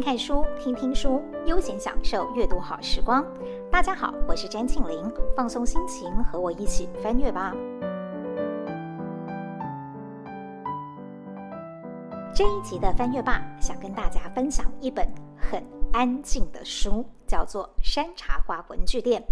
看書、聽聽書，悠閒享受閱讀好時光。大家好，我是詹慶玲，放鬆心情，和我一起翻閱吧。這一集的翻閱 BAR，想跟大家分享一本很安靜的書叫做《山茶花文具店》，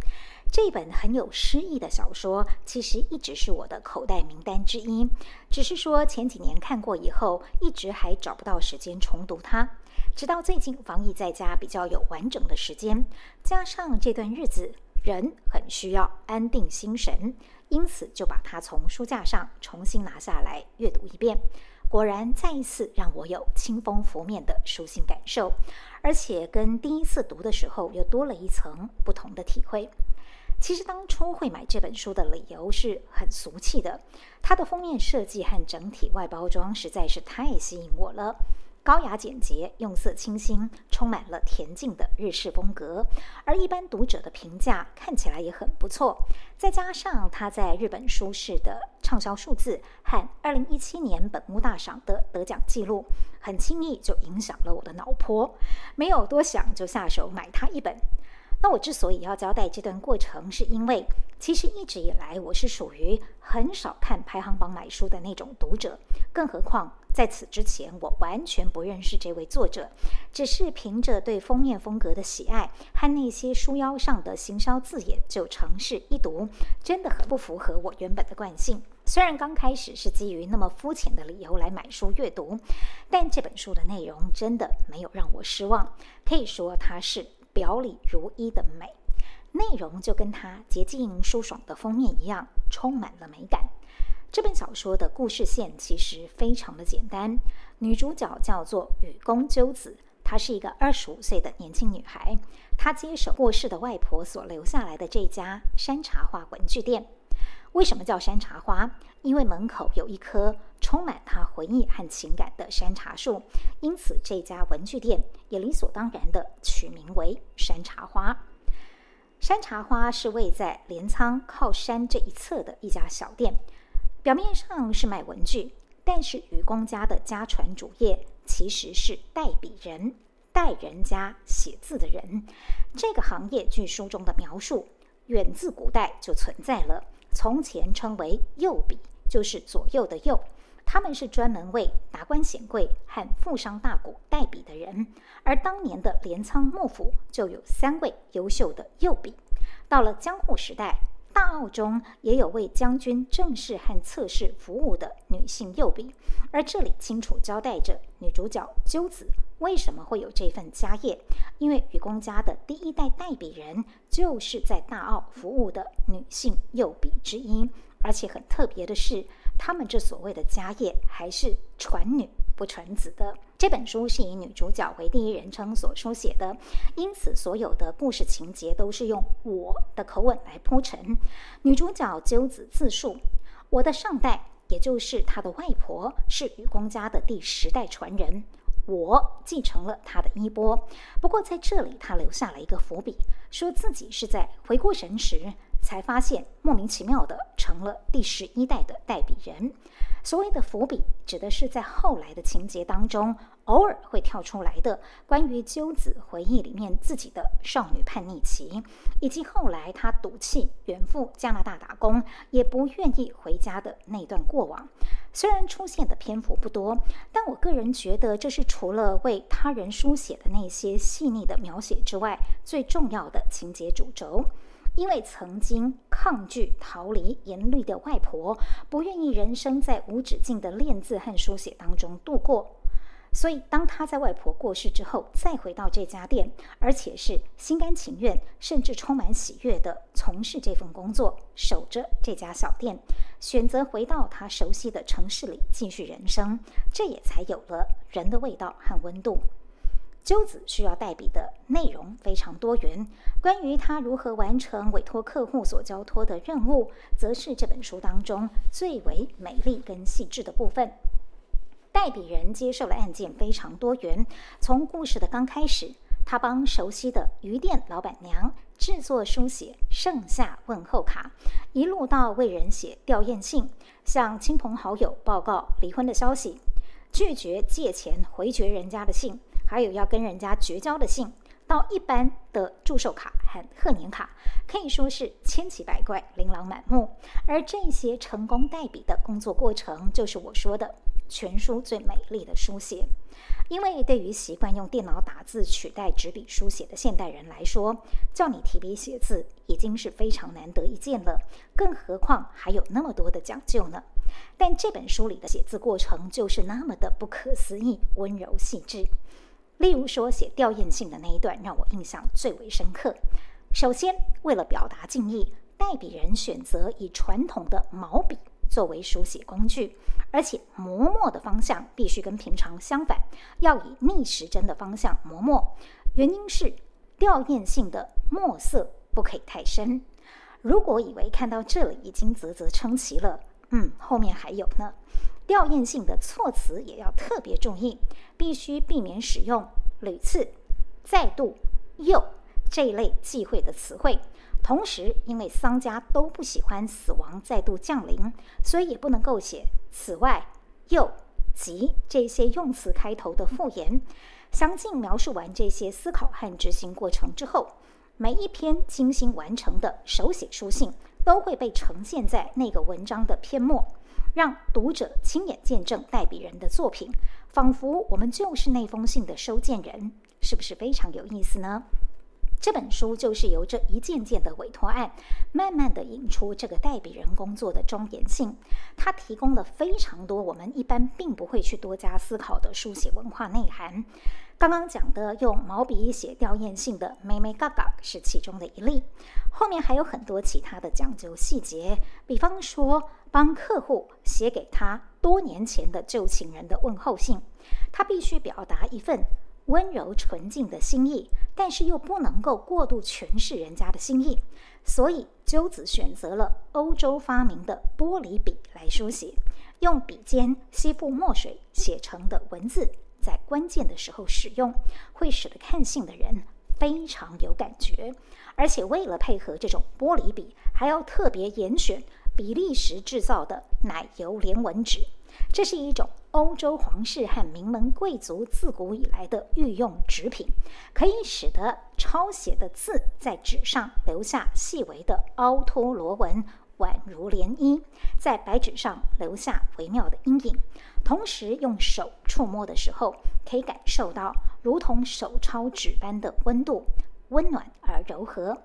這本很有詩意的小說，其實一直是我的口袋名單之一。只是說前幾年看過以後，一直還找不到時間重讀它。直到最近，防疫在家比較有完整的時間，加上這段日子人很需要安定心神，因此就把它從書架上重新拿下來閱讀一遍。果然，再一次讓我有清風拂面的舒心感受。而且跟第一次讀的時候又多了一層不同的體會。其實當初會買這本書的理由是很俗氣的，它的封面設計和整體外包裝實在是太吸引我了。高雅簡潔，用色清新，充滿了恬靜的日式風格。而一般讀者的評價看起來也很不錯，再加上他在日本書市的暢銷數字和二零一七年本屋大賞的得獎記錄，很輕易就影響了我的腦波，沒有多想就下手買他一本。那我之所以要交代這段過程，是因為其實一直以來我是屬於很少看排行榜買書的那種讀者，更何況在此之前我完全不認識這位作者，只是憑着對封面風格的喜愛和那些書腰上的行銷字眼就嘗試一讀，真的很不符合我原本的慣性。雖然剛開始是基於那麼膚淺的理由來買書閱讀，但這本書的內容真的沒有讓我失望，可以說它是。表裡如一的美，內容就跟它潔淨舒爽的封面一樣，充滿了美感。這本小說的故事線其實非常的簡單，女主角叫做雨宮鳩子，她是一個二十五歲的年輕女孩，她接手過世的外婆所留下來的這家山茶花文具店。為什麼叫山茶花？因為門口有一棵充滿他回憶和情感的山茶樹，因此這家文具店也理所當然的取名為山茶花。山茶花是位在鐮倉靠山這一側的一家小店，表面上是賣文具，但是雨宮家的家傳主業其實是代筆人，代人家寫字的人。這個行業據書中的描述，遠自古代就存在了。從前稱為右筆，就是左右的右，他們是專門為達官顯貴和富商大賈代筆的人。而當年的鐮倉幕府就有三位優秀的右筆。到了江戶時代，大奧中也有為將軍正室和側室服務的女性右筆。而這裡清楚交代着女主角鳩子。為什麼會有這份家業？因為雨宮家的第一代代筆人就是在大奧服務的女性右筆之一，而且很特別的是，他們這所謂的家業還是傳女不傳子的。這本書是以女主角為第一人稱所書寫的，因此所有的故事情節都是用我的口吻來鋪陳。女主角鳩子自述：我的上代，也就是她的外婆，是雨宮家的第十代傳人。我繼承了他的衣缽，不過在這裡他留下了一個伏筆，說自己是在回過神時才發現莫名其妙的成了第十一代的代筆人。所謂的伏筆，指的是在後來的情節當中偶爾會跳出來的關於鳩子回憶裡面自己的少女叛逆期，以及後來他賭氣遠赴加拿大打工，也不願意回家的那段過往。雖然出現的篇幅不多，但我個人覺得這是除了為他人書寫的那些細膩的描寫之外，最重要的情節主軸。因為曾經抗拒逃離嚴厲的外婆，不願意人生在無止境的練字和書寫當中度過。所以，當他在外婆過世之後，再回到這家店，而且是心甘情願，甚至充滿喜悅地從事這份工作，守着這家小店，選擇回到他熟悉的城市裡繼續人生，這也才有了人的味道和溫度。鳩子需要代筆的內容非常多元，關於他如何完成委托客戶所交托的任務，則是這本書當中最為美麗跟細緻的部分。代筆人接受了案件非常多元，從故事的剛開始，他幫熟悉的魚店老板娘制作書寫盛夏問候卡，一路到為人寫弔唁信，向親朋好友報告離婚的消息，拒絕借錢，回絕人家的信，還有要跟人家絕交的信，到一般的祝壽卡和賀年卡，可以說是千奇百怪，琳琅滿目。而這些成功代筆的工作過程，就是我說的。全書最美麗的書寫，因為對於習慣用電腦打字取代紙筆書寫的現代人來說，叫你提筆寫字已經是非常難得一見了，更何況還有那麼多的講究呢？但這本書裡的寫字過程就是那麼的不可思議，溫柔細緻。例如說寫弔唁信的那一段，讓我印象最為深刻。首先，為了表達敬意，代筆人選擇以傳統的毛筆。作為書寫工具，而且磨墨的方向必須跟平常相反，要以逆時針的方向磨墨。原因是弔唁信的墨色不可以太深。如果以為看到這裡已經嘖嘖稱奇了，嗯，後面還有呢？弔唁信的措辭也要特別注意，必須避免使用屢次、再度、又這一類忌諱的詞彙。同時，因為喪家都不喜歡死亡再度降臨，所以也不能夠寫“此外”“又”“及”這些用詞開頭的複言。詳盡描述完這些思考和執行過程之後，每一篇精心完成的手寫書信都會被呈現在那個文章的篇末，讓讀者親眼見證代筆人的作品，仿佛我們就是那封信的收件人，是不是非常有意思呢？這本書就是由這一件件的委托案，慢慢地引出這個代筆人工作的莊嚴性。它提供了非常多我們一般並不會去多加思考的書寫文化內涵。剛剛講的用毛筆寫吊唁信的“眉眉角角”是其中的一例。後面還有很多其他的講究細節，比方說幫客戶寫給他多年前的舊情人的問候信，他必須表達一份溫柔純淨的心意，但是又不能夠過度詮釋人家的心意，所以鳩子選擇了歐洲發明的玻璃筆來書寫，用筆尖吸附墨水寫成的文字，在關鍵的時候使用，會使得看信的人非常有感覺。而且為了配合這種玻璃筆，還要特別嚴選比利時製造的奶油連紋紙。這是一種歐洲皇室和名門貴族自古以來的御用紙品，可以使得抄寫的字在紙上留下細微的凹凸螺紋，宛如漣漪，在白紙上留下微妙的陰影。同時，用手觸摸的時候，可以感受到如同手抄紙般的溫度，溫暖而柔和。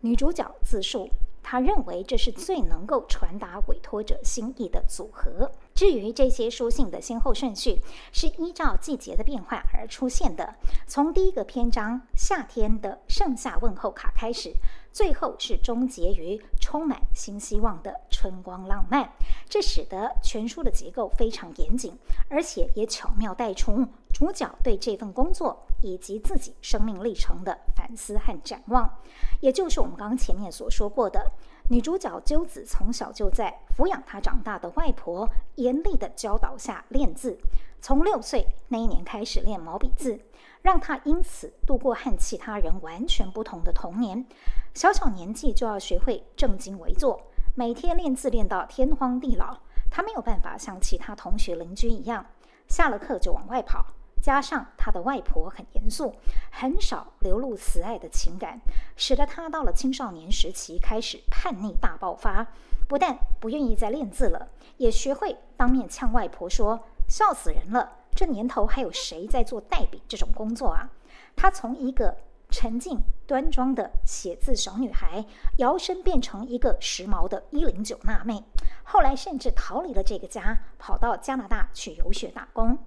女主角自述，她認為這是最能夠傳達委托者心意的組合。至於這些書信的先後順序，是依照季節的變化而出現的。從第一個篇章《夏天的盛夏問候卡》開始，最後是終結於充滿新希望的春光浪漫。這使得全書的結構非常嚴謹，而且也巧妙帶出主角對這份工作以及自己生命歷程的反思和展望。也就是我們剛剛前面所說過的。女主角鳩子從小就在撫養她長大的外婆嚴厲的教導下練字，從六歲那一年開始練毛筆字，讓她因此度過和其他人完全不同的童年。小小年紀就要學會正襟危坐，每天練字練到天荒地老。她沒有辦法像其他同學鄰居一樣，下了課就往外跑。加上他的外婆很嚴肅，很少流露慈愛的情感，使得他到了青少年時期開始叛逆大爆發。不但不願意再練字了，也學會當面嗆外婆說：“笑死人了！這年頭還有誰在做代筆這種工作啊？”他從一個沉靜端莊的寫字小女孩，搖身變成一個時髦的“一零九”辣妹，後來甚至逃離了這個家，跑到加拿大去遊學打工。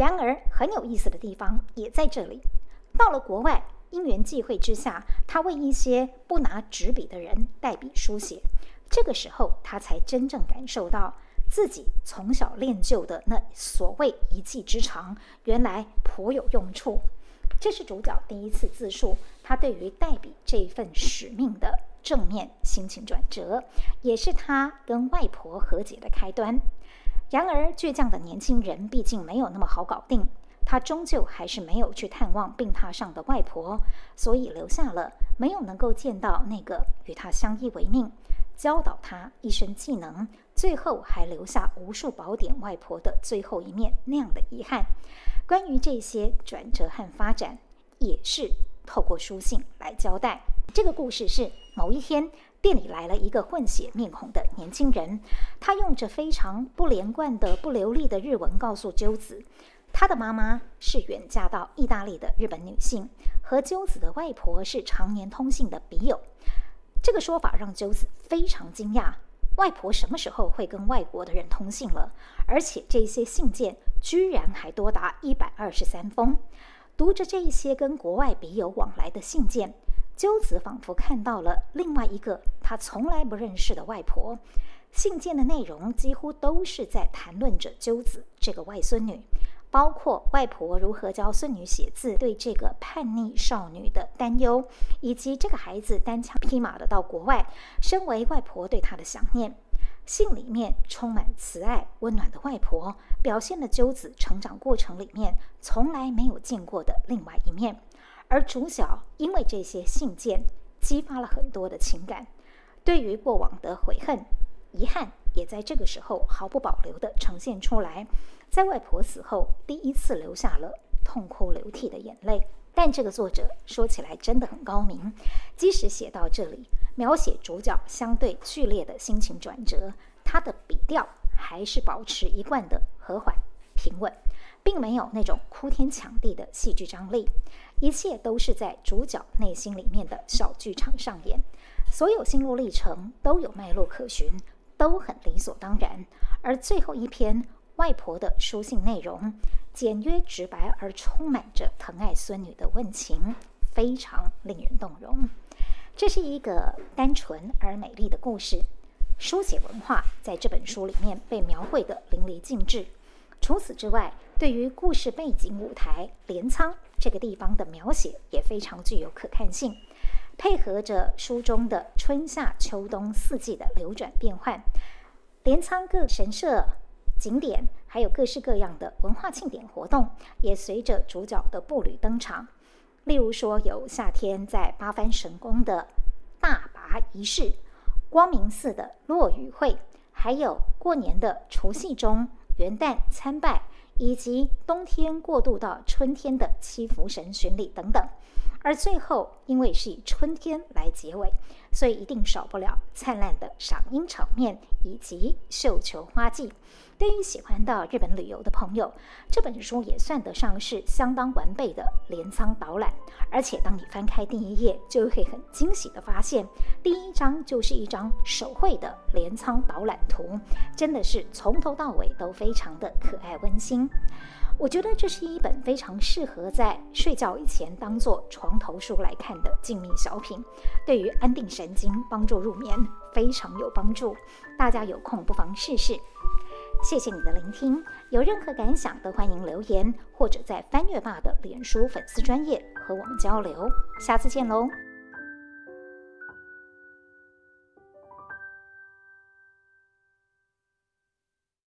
然而很有意思的地方也在這裡，到了國外，因緣際會之下，他為一些不拿紙筆的人代筆書寫。這個時候，他才真正感受到自己從小練就的那所謂一技之長，原來頗有用處。這是主角第一次自述他對於代筆這份使命的正面心情轉折，也是他跟外婆和解的開端。然而，倔強的年輕人畢竟沒有那麼好搞定。他終究還是沒有去探望病榻上的外婆，所以留下了沒有能夠見到那個與他相依為命、教導他一身技能、最後還留下無數寶典外婆的最後一面那樣的遺憾。關於這些轉折和發展，也是透過書信來交代。這個故事是某一天店裡來了一個混血面孔的年輕人，他用着非常不連貫的、不流利的日文告訴鳩子，他的媽媽是遠嫁到意大利的日本女性，和鳩子的外婆是常年通信的筆友。這個說法讓鳩子非常驚訝：外婆什麼時候會跟外國的人通信了？而且這些信件居然還多達一百二十三封。讀着這些跟國外筆友往來的信件。鳩子仿佛看到了另外一個她從來不認識的外婆。信件的內容幾乎都是在談論着鳩子這個外孫女，包括外婆如何教孫女寫字，對這個叛逆少女的擔憂，以及這個孩子單槍匹馬的到國外，身為外婆對她的想念。信裡面充滿慈愛、溫暖的外婆，表現了鳩子成長過程裡面從來沒有見過的另外一面。而主角因為這些信件激發了很多的情感，對於過往的悔恨、遺憾，也在這個時候毫不保留地呈現出來。在外婆死後，第一次流下了痛哭流涕的眼淚。但這個作者說起來真的很高明，即使寫到這裡，描寫主角相對劇烈的心情轉折，他的筆調還是保持一貫的和緩平穩，並沒有那種哭天搶地的戲劇張力。一切都是在主角內心裡面的小劇場上演，所有心路歷程都有脈絡可循，都很理所當然。而最後一篇外婆的書信內容，簡約直白而充滿着疼愛孫女的溫情，非常令人動容。這是一個單純而美麗的故事，書寫文化在這本書裡面被描繪得淋漓盡致。除此之外，對於故事背景舞台鎌倉這個地方的描寫也非常具有可看性，配合着書中的春夏秋冬四季的流轉變換，鎌倉各神社景點，還有各式各樣的文化慶典活動，也隨着主角的步履登場。例如說，有夏天在八幡神宮的大祓儀式，光明寺的落雨會，還有過年的除夕中。元旦參拜，以及冬天過渡到春天的七福神巡禮等等。而最後，因為是以春天來結尾，所以一定少不了燦爛的賞櫻場面以及繡球花季。對於喜歡到日本旅遊的朋友，這本書也算得上是相當完備的鐮倉導覽。而且，當你翻開第一頁，就會很驚喜地發現，第一張就是一張手繪的鐮倉導覽圖，真的是從頭到尾都非常的可愛溫馨。我覺得這是一本非常適合在睡覺以前當做床頭書來看的靜謐小品，對於安定神經、幫助入眠非常有幫助。大家有空不妨試試。謝謝你的聆聽，有任何感想都歡迎留言或者在翻閱 BAR 的臉書粉絲專頁和我們交流。下次見嘍。